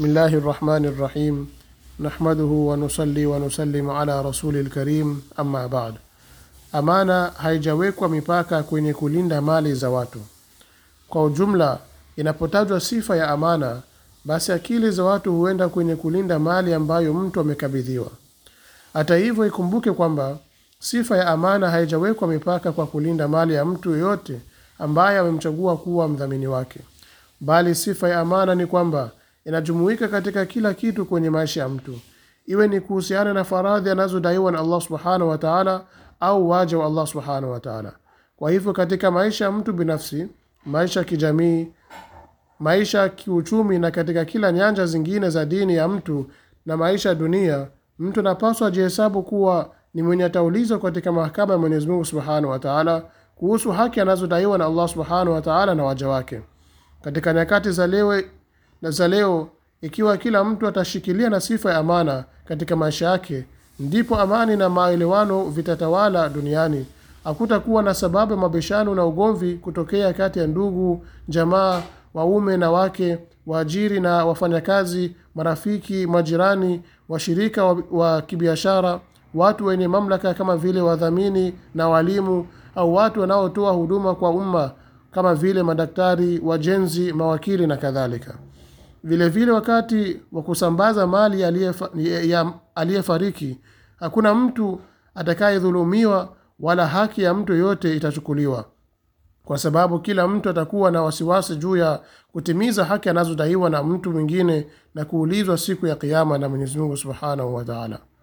بسم الله الرحمن الرحيم نحمده ونصلي ونسلم ala rasuli lkarim amma bad amana haijawekwa mipaka kwenye kulinda mali za watu kwa ujumla inapotajwa sifa ya amana basi akili za watu huenda kwenye kulinda mali ambayo mtu amekabidhiwa hata hivyo ikumbuke kwamba sifa ya amana haijawekwa mipaka kwa kulinda mali ya mtu yoyote ambaye amemchagua kuwa mdhamini wake bali sifa ya amana ni kwamba inajumuika katika kila kitu kwenye maisha ya mtu, iwe ni kuhusiana na faradhi anazodaiwa na Allah subhanahu wa taala au waja wa Allah subhanahu wa taala. Kwa hivyo katika maisha ya mtu binafsi, maisha ya kijamii, maisha ya kiuchumi na katika kila nyanja zingine za dini ya mtu na maisha ya dunia, mtu anapaswa ajihesabu kuwa ni mwenye ataulizwa katika mahakama ya Mwenyezi Mungu subhanahu wa taala kuhusu haki anazodaiwa na Allah subhanahu wa taala na waja wake. Katika nyakati za leo na za leo, ikiwa kila mtu atashikilia na sifa ya amana katika maisha yake, ndipo amani na maelewano vitatawala duniani. Hakutakuwa na sababu ya mabishano na ugomvi kutokea kati ya ndugu, jamaa, waume na wake, waajiri na wafanyakazi, marafiki, majirani, washirika wa, wa kibiashara, watu wenye mamlaka kama vile wadhamini na walimu, au watu wanaotoa huduma kwa umma kama vile madaktari, wajenzi, mawakili na kadhalika. Vile vile wakati wa kusambaza mali ya aliyefariki hakuna mtu atakayedhulumiwa wala haki ya mtu yoyote itachukuliwa, kwa sababu kila mtu atakuwa na wasiwasi juu ya kutimiza haki anazodaiwa na mtu mwingine na kuulizwa siku ya Kiama na Mwenyezi Mungu subhanahu wa taala.